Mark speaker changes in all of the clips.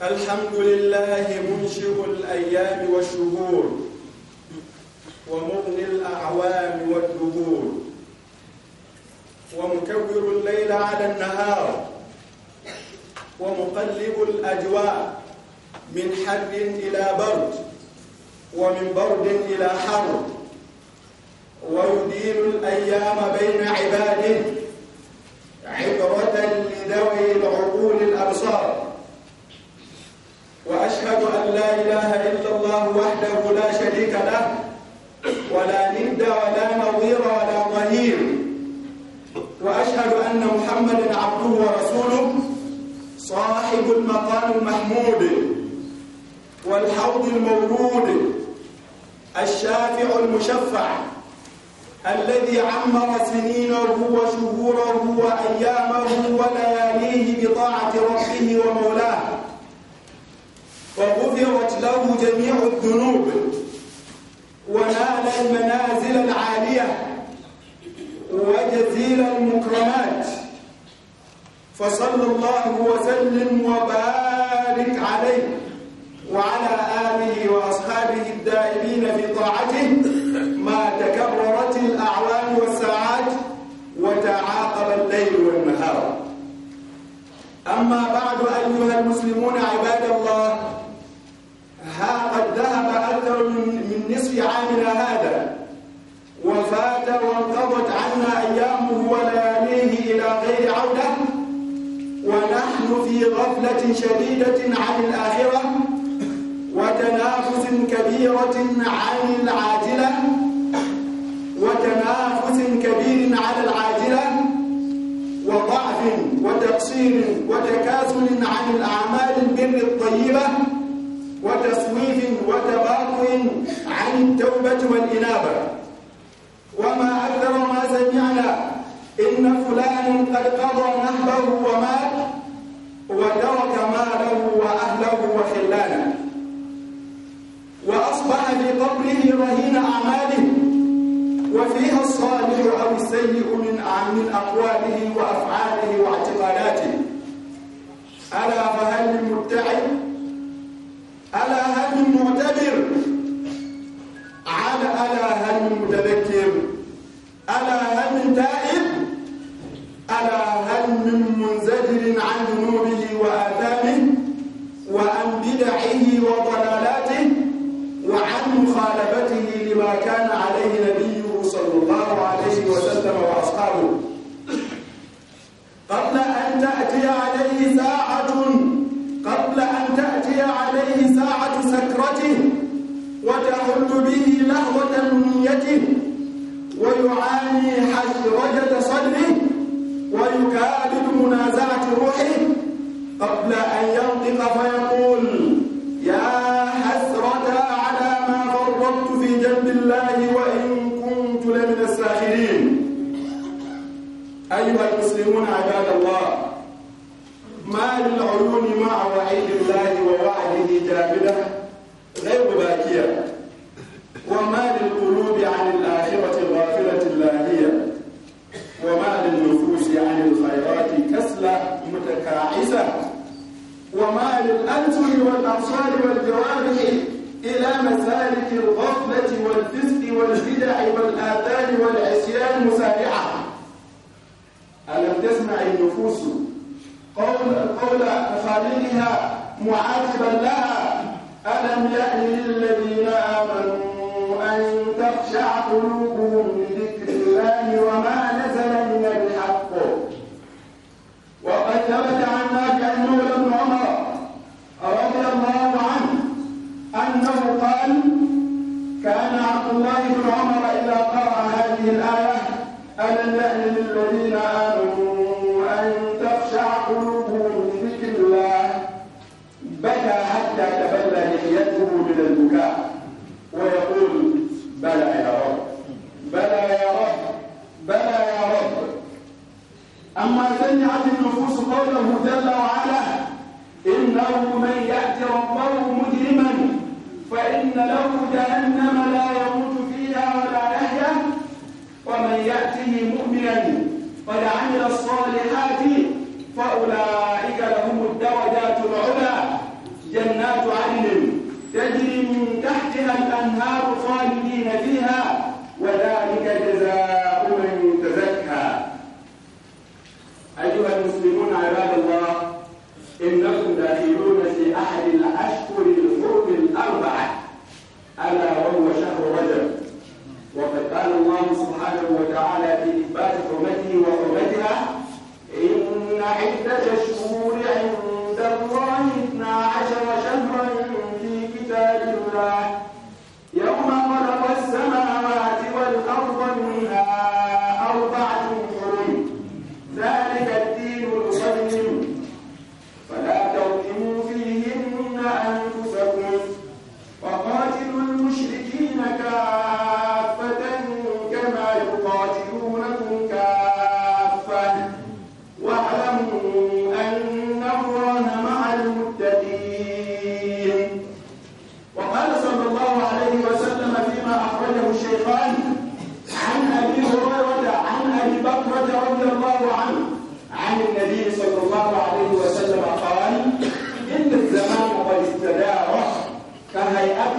Speaker 1: الحمد لله منشئ الأيام والشهور ومغني الأعوام والدهور ومكبر الليل على النهار ومقلب الأجواء من حر إلى برد ومن برد إلى حر ويدين الأيام بين عباده المقام المحمود والحوض المورود الشافع
Speaker 2: المشفع الذي عمر سنينه وشهوره وأيامه ولياليه بطاعة
Speaker 1: ربه ومولاه فصلى الله وسلم وبارك عليه وعلى آله وأصحابه الدائمين في طاعته ما تكررت الأعوام والساعات وتعاقب الليل والنهار أما بعد أيها المسلمون عباد الله ها قد ذهب أكثر من نصف عامنا هذا وفات وانقضت عنا أيامه ولياليه إلى غير عوده ونحن في غفلة شديدة عن الآخرة وتنافس كبيرة عن العاجلة وتنافس كبير على العاجلة وضعف وتقصير وتكاسل عن الأعمال البر الطيبة وتسويف وتباطؤ عن التوبة والإنابة وما أكثر ما سمعنا إن فلان قد قضى نحبه ومات وترك ماله وأهله وخلانه وأصبح في قبره رهين أعماله وفيها الصالح أو السيء من من أقواله وأفعاله واعتقاداته ألا فهل من مدعي ألا هل من معتبر بيته ويعاني حشرجة صدره ويكابد منازعة روحه قبل أن ينطق فيقول fáwọn làá.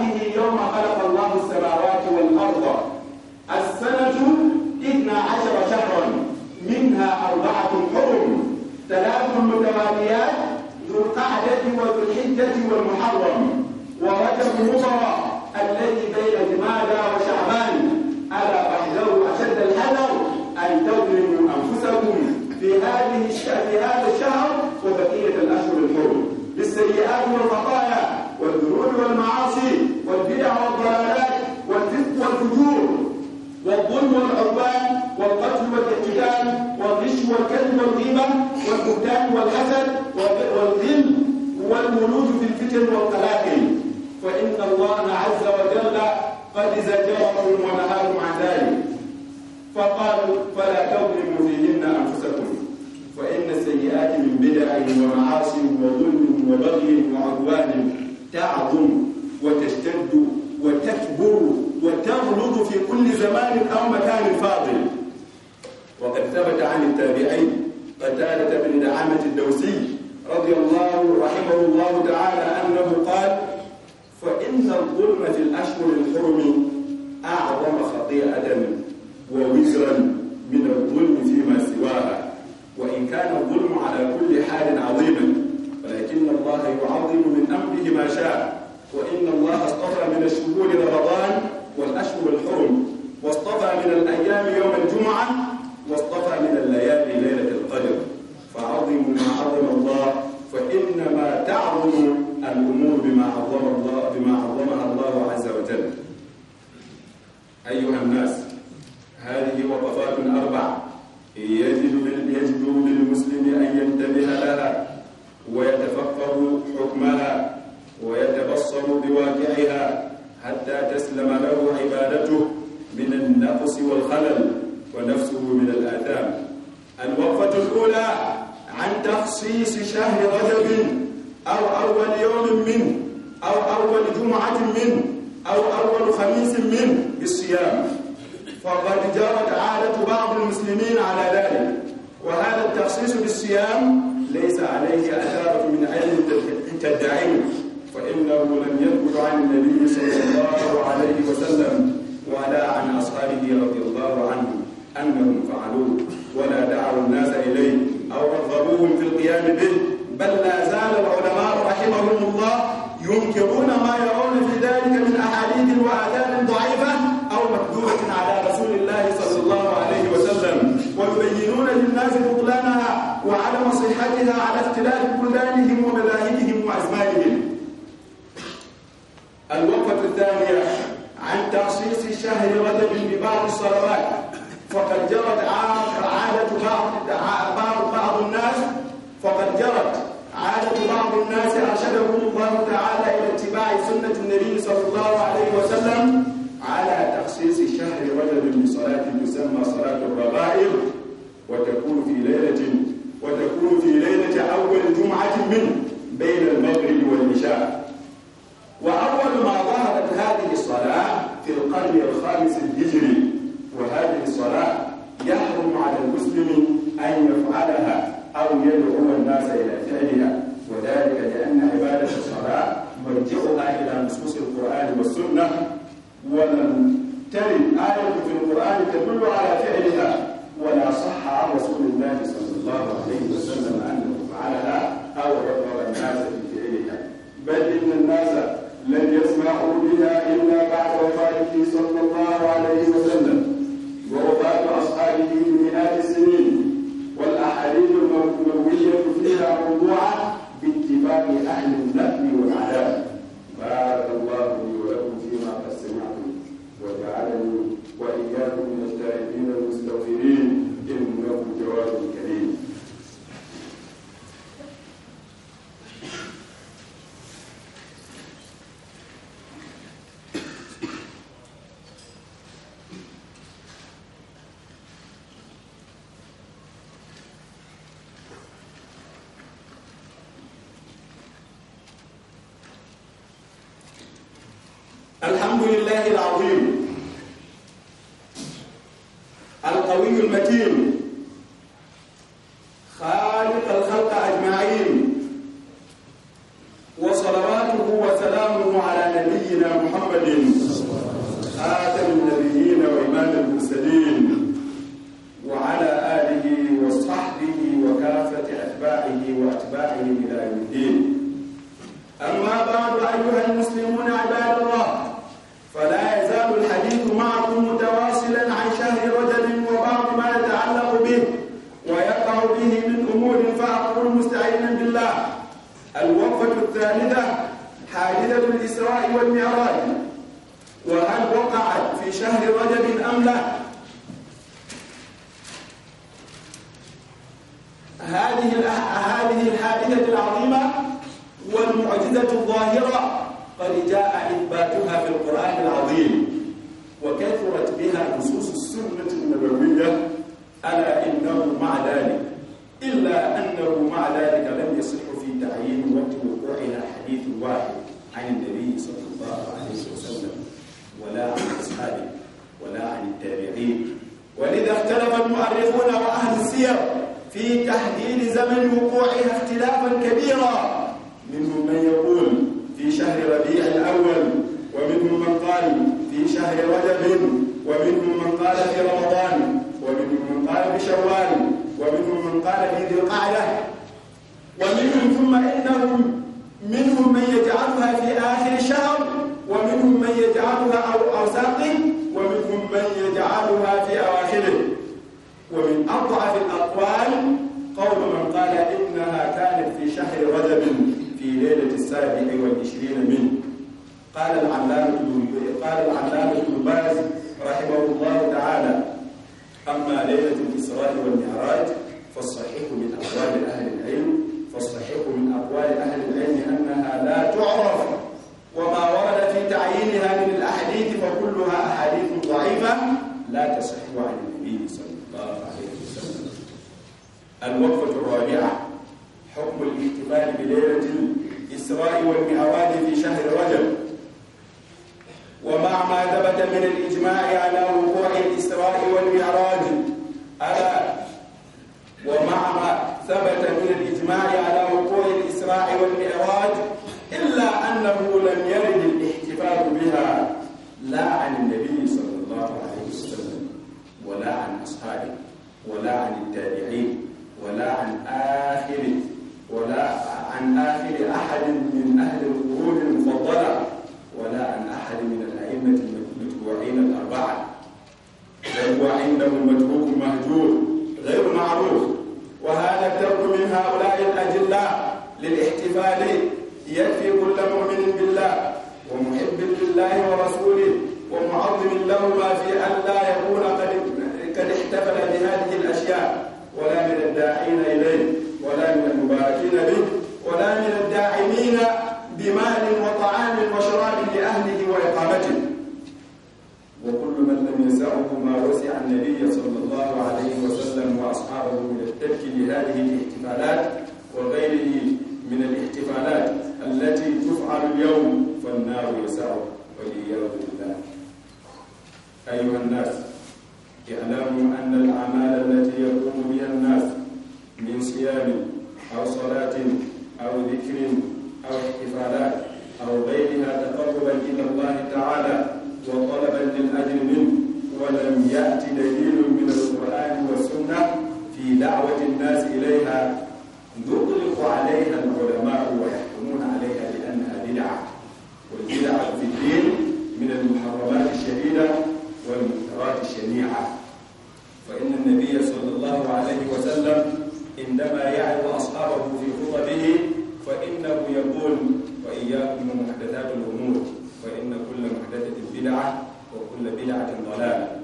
Speaker 1: خلقه يوم خلق الله السماوات والأرض السنة اثنا عشر شهرا منها أربعة حرم ثلاث متواليات ذو القعدة وذو الحجة والمحرم يقوم في القيام به بل لا زال العلماء رحمهم الله ينكرون ما يرون في ذلك من أحاديث وآداب ضعيفة
Speaker 2: الناس بفعلها بل إن الناس
Speaker 1: لم يسمعوا بها إلا بعد وفاته صلى الله عليه وسلم ووفاة أصحابه من أضعف الأقوال قول من قال إنها كانت في شهر رجب في ليلة السابع والعشرين منه قال العلامة قال العلامة ابن باز رحمه الله تعالى أما ليلة الإسراء والمعراج فالصحيح من أقوال أهل العلم فالصحيح من أقوال أهل العلم أنها لا تعرف وما ورد في تعيينها من الأحاديث فكلها أحاديث ضعيفة لا تصح عن الوقفة الرابعة حكم الاحتفال بليلة الإسراء والمعراج في شهر رجب ومع ما ثبت من الإجماع على وقوع الإسراء والمعراج على ومع ما ثبت من الإجماع على وقوع الإسراء والمعراج إلا أنه لم يرد الاحتفال بها لا عن النبي صلى الله عليه وسلم ولا عن أصحابه ولا عن التابعين ولا عن آخر ولا عن آخر أحد من أهل القرون المفضلة ولا عن أحد من الأئمة المتبوعين الأربعة بل هو عندهم متروك مهجور غير معروف وهذا الترك من هؤلاء الأجلاء للاحتفال يكفي كل مؤمن بالله ومحب لله ورسوله ومعظم له ما في أن لا يكون قد احتفل بهذه الأشياء ولا من الداعين إليه ولا من المباركين به ولا من الداعمين بمال وطعام وشراب لأهله وإقامته وكل من لم يسعه ما وسع النبي صلى الله عليه
Speaker 3: وسلم وأصحابه من الترك بهذه الاحتفالات وغيره من الاحتفالات التي تفعل اليوم فالنار يسعه والعياذ بالله أيها الناس اعلموا أن الأعمال التي يقوم بها الناس من صيام أو صلاة أو ذكر أو احتفالات أو غيرها تقربا إلى الله تعالى
Speaker 1: وطلبا للأجر منه ولم يأت دليل من القرآن والسنة في دعوة الناس إليها يطلق عليها العلماء والحكمة جميعا فإن النبي صلى الله عليه وسلم عندما يعرف أصحابه في خطبه فإنه يقول وإياكم ومحدثات الأمور فإن كل محدثة بدعة وكل بدعة ضلالة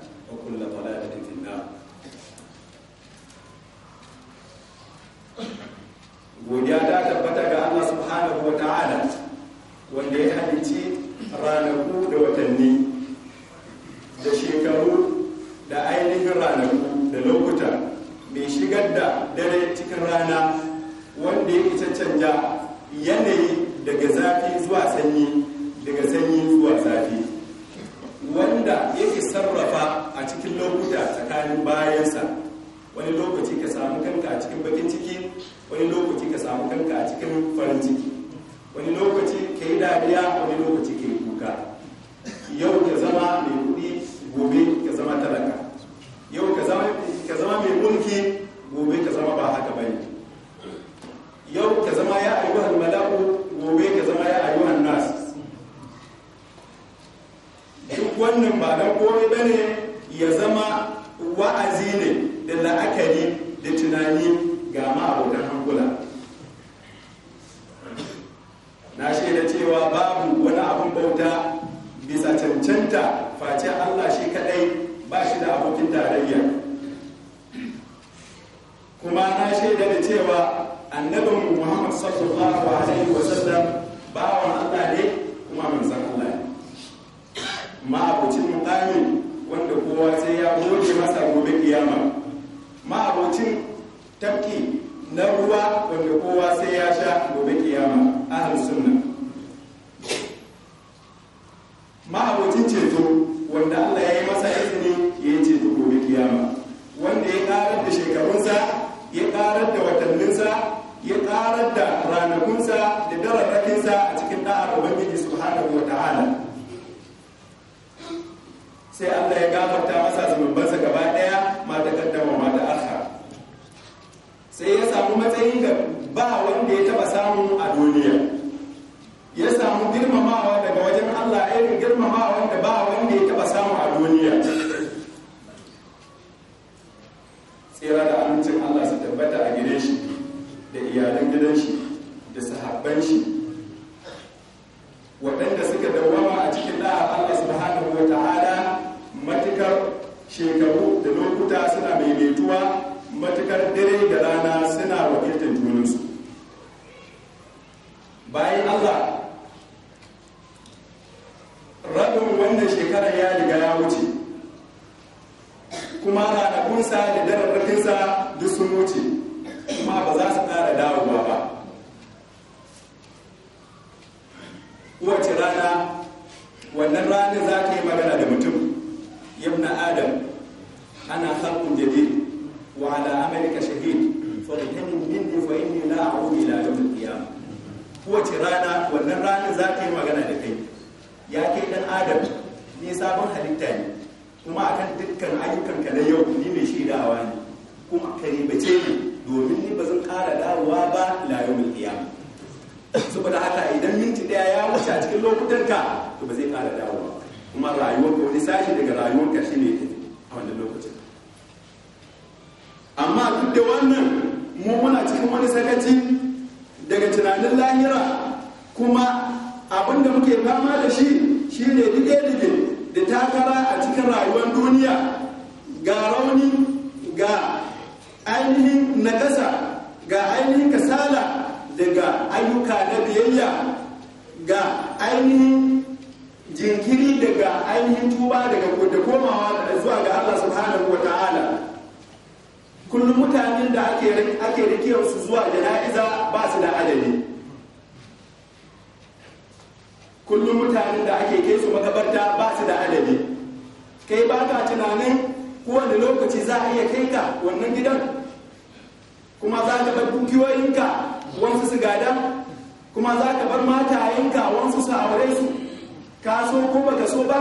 Speaker 1: abokin tarayya kuma na shaida da cewa annabin muhammad sallallahu alaihi sallam bawan allah ne kuma san allah ne ma'abocin mutane wanda kowa sai ya goge masa gobe kiyama ma'abocin tafki na ruwa wanda kowa sai ya sha gobe kiyama ahal sunna ma'abocin ceto wanda allah fita a cikin da'ar ubangiji subhanahu wa ta'ala sai Allah ya gafarta masa zunubansa gaba daya ma ta kaddama ma aka sai ya samu matsayin gaba da ainihin jinkiri daga ainihin tuba daga da komawa zuwa ga Allah subhanahu wa ta'ala kullum mutanen da ake ake su zuwa jana'iza ba su da adadi kullum mutanen da ake kai su makabarta ba su da adadi kai ba ka tunanin kowane lokaci za a iya kai ka wannan gidan kuma za ka bar dukiyoyinka wasu su gada kuma za ka bar matayenka wansu su aure su ka so ko baka so ba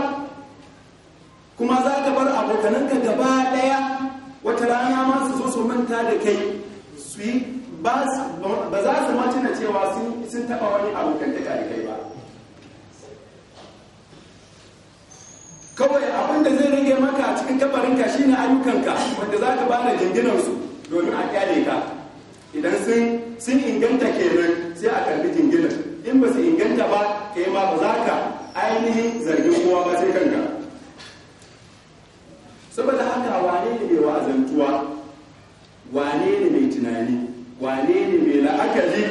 Speaker 1: kuma za ka bar abokananka gaba daya wata rana ma su zo su manta da kai su yi ba za su mace na cewa sun taba wani abokan da kai ba kawai abin da zai rage maka a cikin kabarinka shine ayyukanka wanda za ka bada jinginansu domin a kyale ka idan sun sun inganta kenan sai a kalli jingina in ba su inganta ba kai ma ba za ka ainihin zargin kowa ba sai kanka saboda haka wane ne mai wa'azantuwa wane ne mai tunani wane ne mai la'akari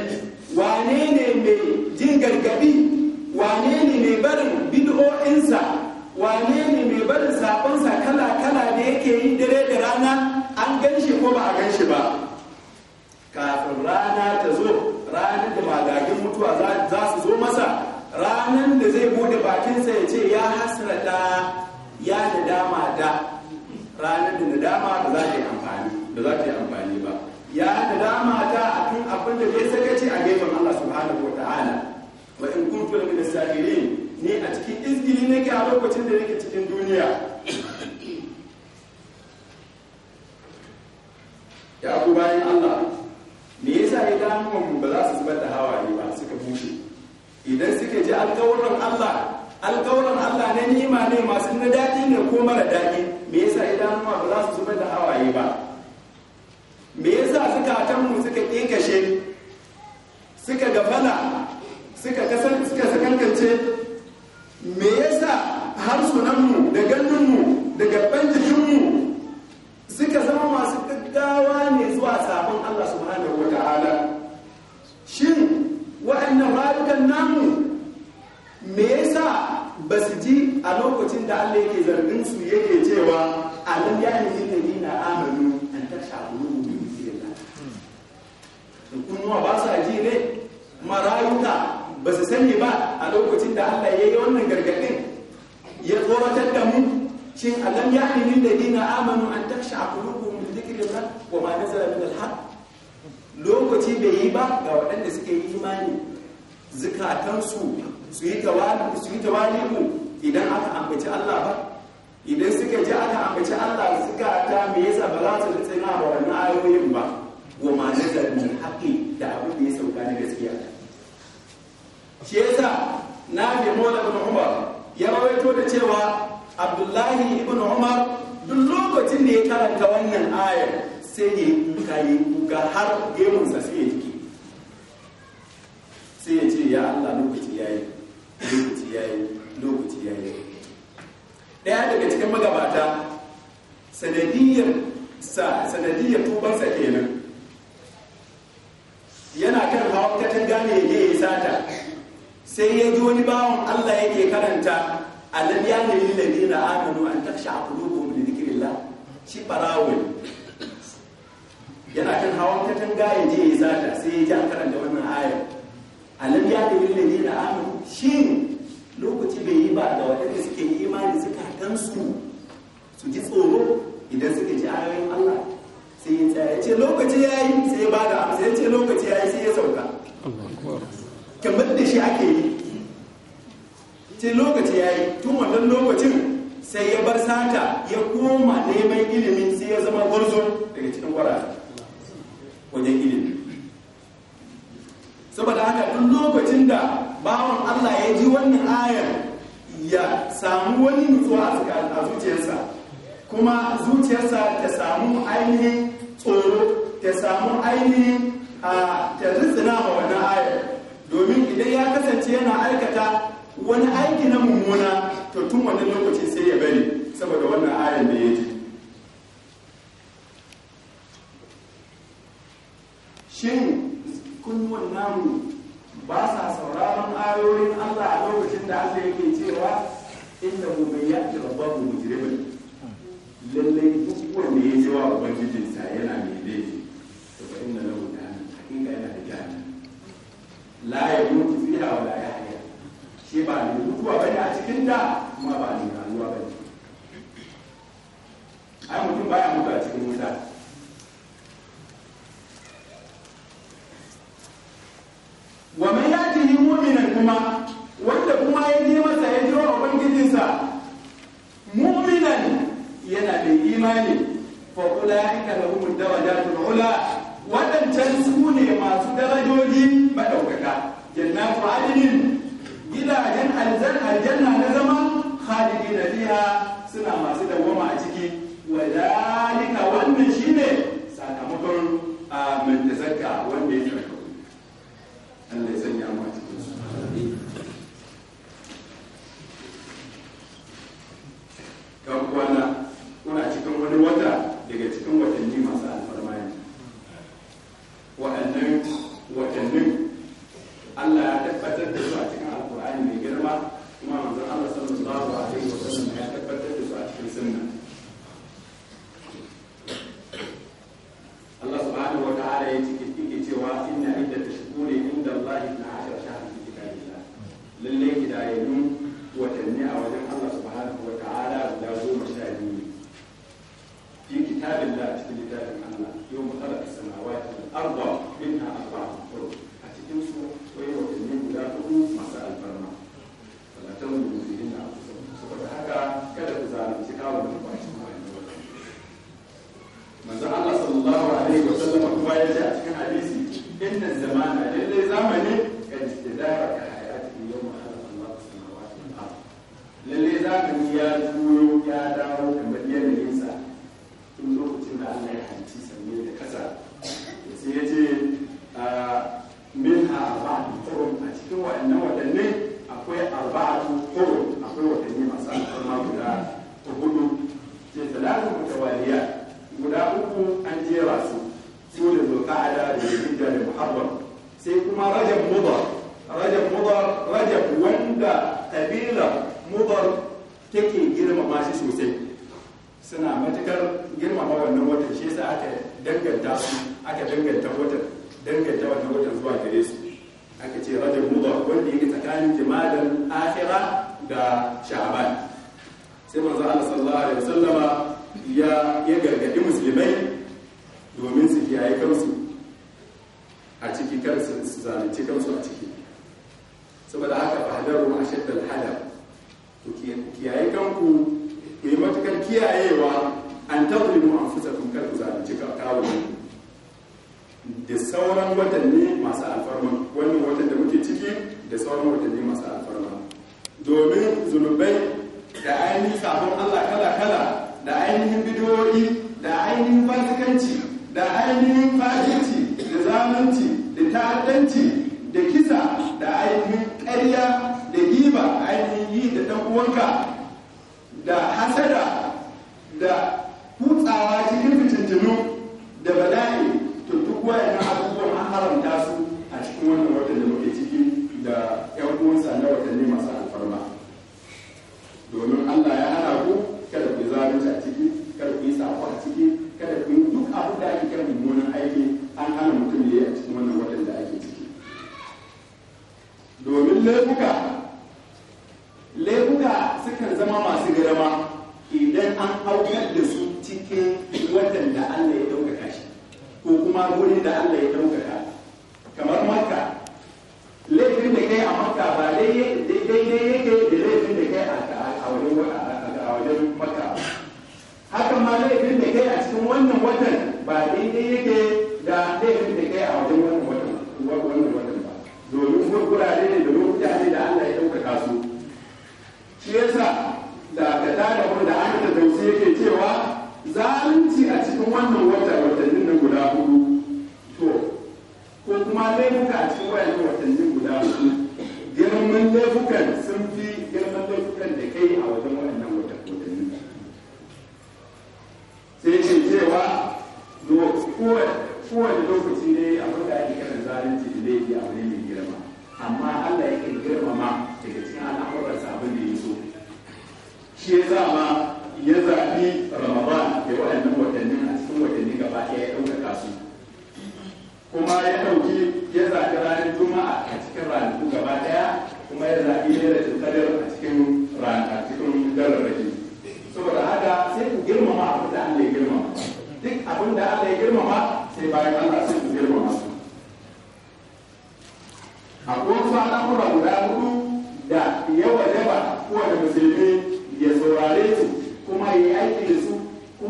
Speaker 1: wane ne mai jin gargaɗi wane ne mai barin bid'o'insa wane ne mai barin a lokacin da Allah ya yi wannan gargaɗin ya tsoratar da mu shin alam ya ni lil na amanu an taksha da li dhikrillah wa ma nazala min al lokaci bai yi ba ga waɗanda suka yi imani zukatansu su yi tawali su idan aka ambaci Allah ba idan suka ji aka ambaci Allah ta me yasa ba za su tsina wa wannan ayoyin ba wa ma nazala min da abin da ya sauka na gaskiya shi yasa nafi mola ibn umar ya rawaito da cewa abdullahi ibn umar duk lokacin da ya karanta wannan ayar sai ya kuka yi kuka har gemunsa sai ya jiki sai ya ce ya allah lokaci ya yi lokaci yayi lokaci ya yi daga cikin magabata sanadiyar sa sanadiyar sa kenan yana kan hawa katanga ne ya yi sata sai ya ji wani bawan Allah yake karanta alal ya lil na amanu an taksha da li dhikrillah shi barawi yana kan hawan katanga ya je ya zata sai ya ji an karanta wannan aya alal ya lil na amanu shi lokaci bai yi ba ga waɗanda suke yi imani suka tansu su ji tsoro idan suka ji ayoyin Allah sai ya tsaya ya ce lokaci ya yi sai ya bada amsa ya ce lokaci shi ake yi ce lokaci ya yi tun wannan lokacin sai ya bar sata ya koma neman ilimi sai ya zama gwarzo daga cikin kwara wajen ilimi saboda haka duk lokacin da bawan Allah ya ji wannan ayar ya samu wani nutsuwa a zuciyarsa kuma zuciyarsa ta samu ainihin tsoro ta samu ainihin a ta rizina ma wannan ayar domin idan ya kasance yana aikata wani aiki na mummuna to tun wani lokaci sai ya bari saboda wannan ayan da ya ji shin kunnuwan namu ba sa sauraron ayoyin Allah a lokacin da Allah yake cewa inda mu bai mu rabbahu mujrimin lallai duk wanda ya ji wa ubangijinsa yana mai laifi to inda na lahu hakika yana da jahannam la ya mutu fiha wa la ya haya shi ba ne mutuwa bane a cikin ta kuma ba ne ba أربعة zalunci kansu a ciki saboda haka ba fahadaru a shaddal hadar ku kiyaye kanku ku yi matukar kiyayewa an mu an fusa kun karku zalunci kawunan da sauran watanni masu alfarma wannan watan da muke ciki da sauran watanni masu alfarma domin zunubai da ainihin sabon allah kala-kala da ainihin bidiyoyi da ainihin fasikanci da ainihin fahimci da zalunci da ta'addanci da kisa da ainihin ƙarya da giba ainihin yi da ɗan'uwanka da hasada da kutsawa cikin fitattunu da bala'i to duk wayannan abubuwan an haramta su a cikin wannan watan da muke ciki da 'yan uwansa na watanni masu alfarma domin allah ya lebuka lebuka sukan zama masu girma idan an haukar da su cikin watan da Allah ya daukaka shi ko kuma wurin da Allah ya daukaka kamar makka laifin da kai a makka ba daidai yake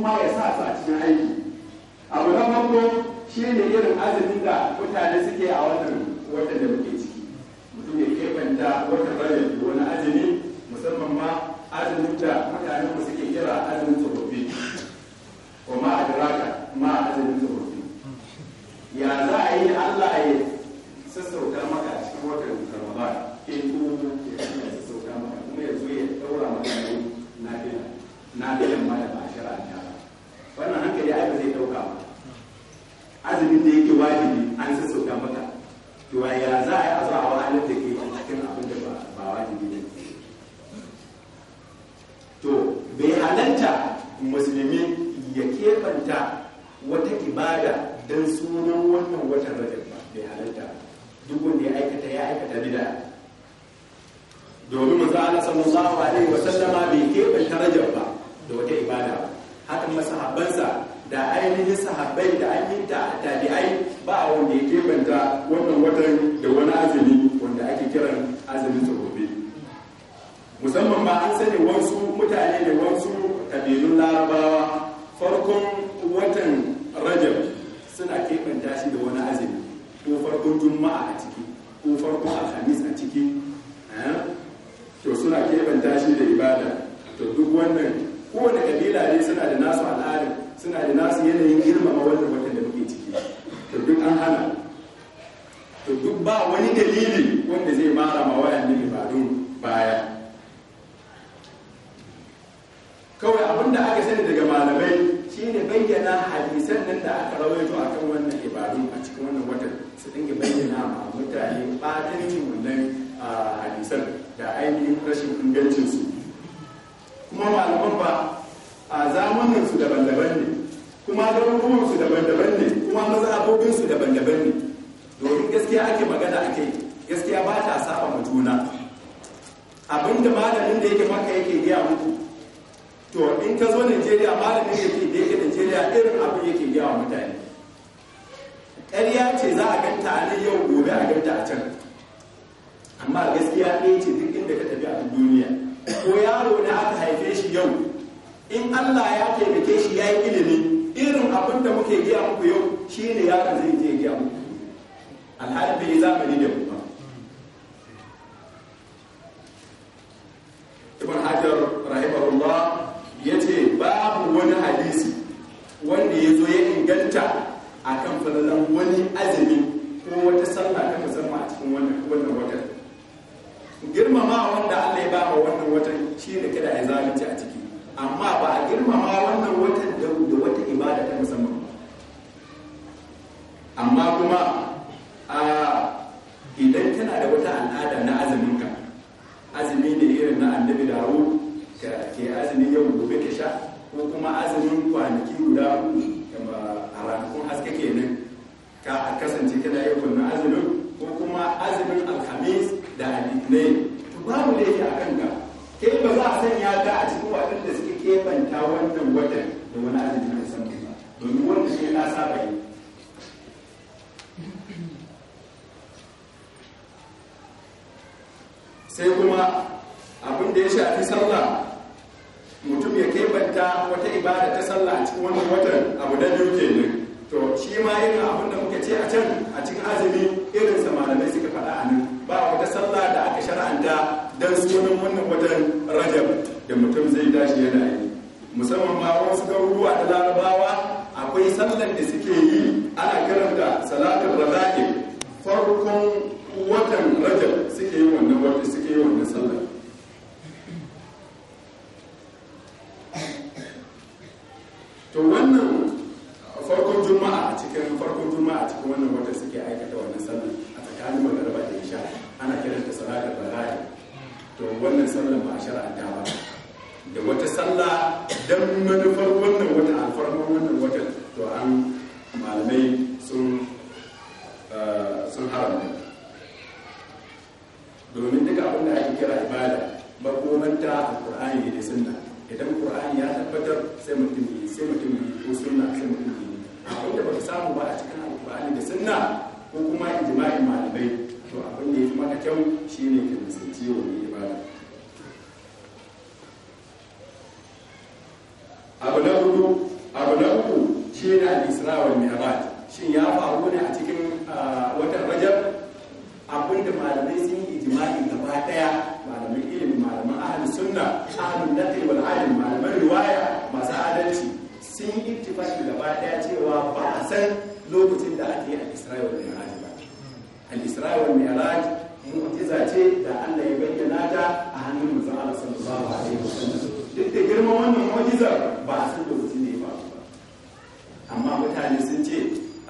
Speaker 1: ma ya sa su a cikin aiki abu na farko shi ne irin azumin da mutane suke a wannan watan da muke ciki mutum ya keɓanta watan rajab wani azumi musamman ma azumin da mutane mu suke kira azumin tsofaffi ko ma a diraka ma azumin tsofaffi ya za a yi allah ya sassauta maka a cikin watan ramadan in eh, kuma ya sassauta maka kuma ya zo ya daura maka na filan ma da ba shara ta wannan hankali aka zai dauka ba azumin da yake wajibi an sassauta maka to ya za a yi a zuwa wahalar da ke cikin abin da ba wajibi ne to bai halarta musulmi ya kebanta wata ibada don sunan wannan watan rajab ba bai halarta duk wanda ya aikata ya aikata bida domin manzo Allah sallallahu alaihi wa sallama bai kebanta rajab ba da wata ibada ba hakan masahabansa da ainihin sahabbai da an yi da tabi'ai ba wanda ya kebanta wannan watan da wani azumi wanda ake kiran azumin tsofaffi musamman ma an sani wasu mutane da wasu kabilun larabawa farkon watan rajab suna kebanta shi da wani azumi ko farkon juma'a a ciki ko farkon alhamis a ciki eh?
Speaker 2: to suna kebanta shi da
Speaker 1: ibada to duk wannan kowane kabila ne suna da nasu al'adun suna da nasu yanayin girmama wannan watan da muke ciki to duk an hana to duk ba wani dalili wanda zai mara ma ba ibadun baya kawai abin aka sani daga malamai shine bayyana hadisan nan da aka rawaito a kan wannan ibadun a cikin wannan watan su dinga bayyana ma mutane batancin wannan ah, hadisan da ainihin rashin ingancinsu kuma malaman ba a zamanin su daban-daban ne kuma garuruwan su daban-daban ne kuma mazhabobin su daban-daban ne domin gaskiya ake magana a kai gaskiya ba ta saba ma juna abinda malamin da yake maka yake gaya muku to in ka zo nigeria malamin da yake da yake nigeria irin abin yake gaya wa mutane ƙarya ce za a ganta a nan yau gobe a ganta a can amma gaskiya ɗaya ce duk inda ka tafi a duniya ko yaro na aka haife shi yau in Allah ya taimake shi ya yi ilimi irin abin da muke giya muku yau shi shine kan zai je giya muku alhali bai zamani da mu lokacin da ake yi al-Isra'i wal A ba al-Isra'i wal Mi'raj mu'jiza ce da Allah ya bayyana ta a hannun manzon ba sallallahu alaihi wasallam duk da girman wannan mu'jiza ba a san lokacin da ya faru ba amma mutane sun ce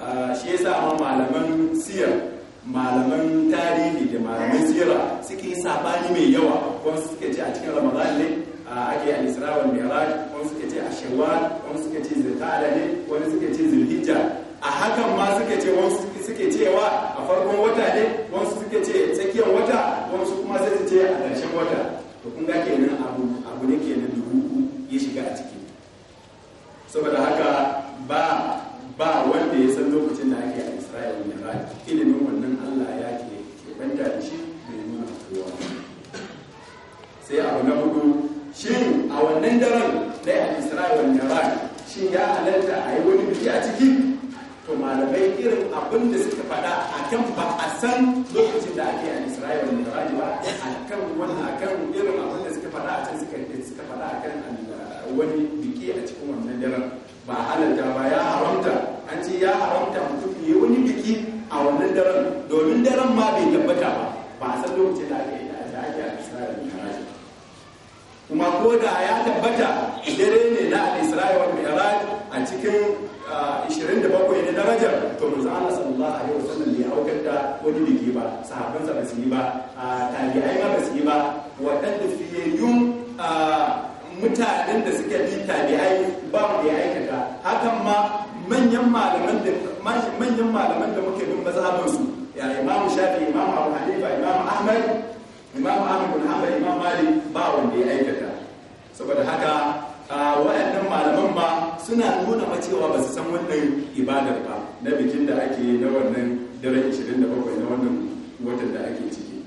Speaker 1: ah, shi sa ma malaman siyar malaman tarihi da malaman sira suke sabani mai yawa wani suke ce a cikin ramadan ne ake a Isra'il mai Mi'raj wani suke ce a Shawar, wani suke ce zirka ne wani suke ce Zulhijja a hakan ma suke ce wasu suke cewa a farkon wata ne wasu suke ce tsakiyar wata wasu kuma sai su ce a ƙarshen wata to kun ga kenan abu abu ne kenan dubu ya shiga a ciki saboda haka ba ba wanda ya san lokacin da ake a Isra'ila ne ba ilimin wannan Allah ya ke banta da shi mai nuna kowa sai abu na hudu shin a wannan daren dai a Isra'ila ne ba shin ya halatta a yi wani biki a ciki to malamai irin abin da suka faɗa a kan ba a san lokacin da ake a Isra'ila da Miraji ba a kan wannan a kan irin abin da suka faɗa a can suka suka faɗa a kan uh, wani biki a cikin wannan daren ba halalta ba ya haramta an ce ya haramta mutum ya wani biki a wannan daren domin daren ma bai tabbata ba ba a san lokacin da ake da ake
Speaker 3: a Isra'ila da Miraji
Speaker 1: kuma ko da ya tabbata dare ne na Isra'ila da Miraji a cikin 27 ne darajar to manzo Allah sallallahu alaihi wasallam bai aukar da wani biki ba sahabbansa ba su yi ba tabi'ai ma ba su yi ba waɗanda fiyayyun mutanen da suke bi tabi'ai ba mu da ya aikata hakan ma manyan malaman da manyan malaman da muke bin mazhabin su ya Imam Shafi Imam Abu Hanifa Imam Ahmad Imam Ahmad bin Hanbal Imam Malik ba wanda ya aikata saboda haka waɗannan malaman ba suna nuna macewa ba su san wannan ibadar ba na bikin da ake na wannan daren 27 na wannan watan da ake ciki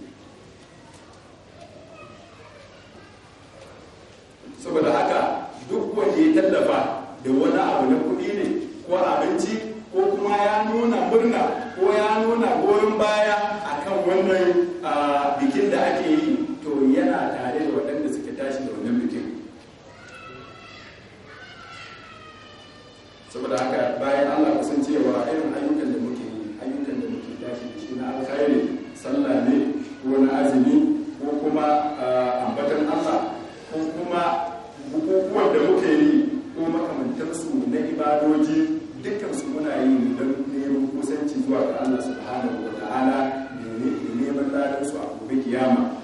Speaker 1: saboda haka duk wanda ya tallafa da wani abu na kuɗi ne ko abinci ko kuma ya nuna murna ko ya nuna goyon baya akan wannan ah, bikin da ake yi to yana tare
Speaker 3: saboda haka bayan Allah kasancewa irin ayyukan da muke yi ayyukan da muke tashi da shi na alkhairi sallah ne ko na azumi ko kuma ambatan Allah
Speaker 1: ko kuma bukukuwan da muke yi ko su na ibadoji dukkan su muna yi don neman kusanci zuwa ga Allah subhanahu wa ta'ala da neman ladan su a gobe kiyama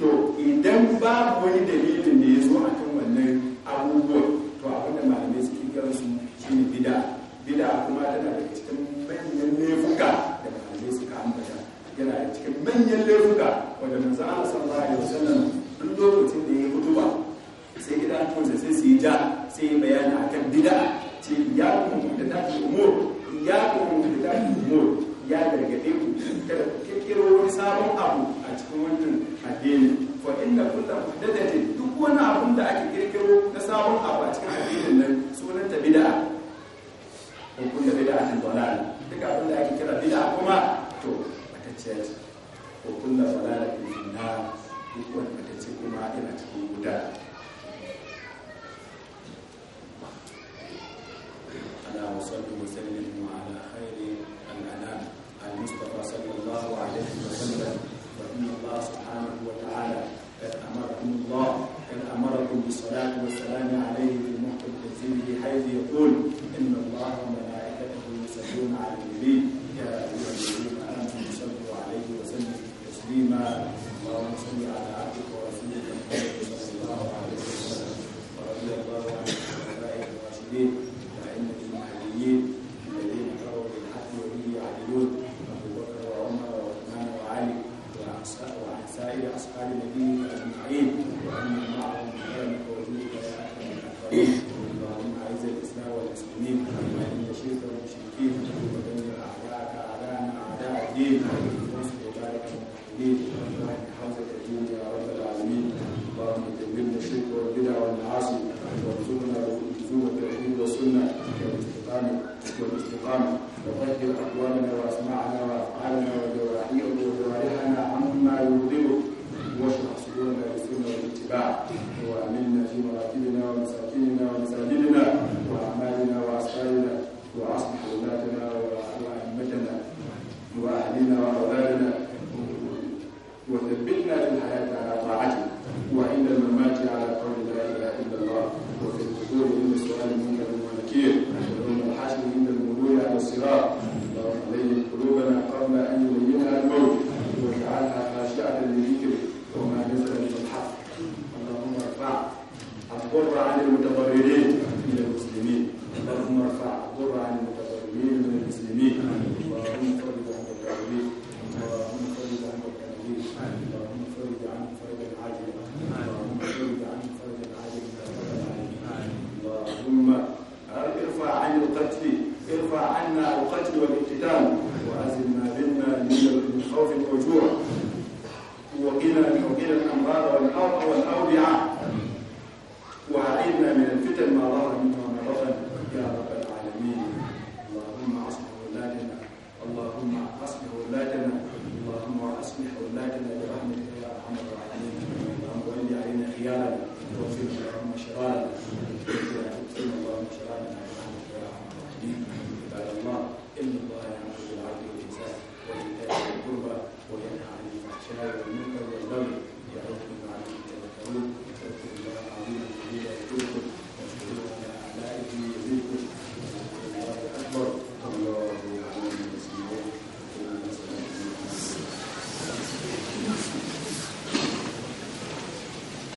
Speaker 1: to idan babu wani dalilin da ya zo akan wannan abubuwan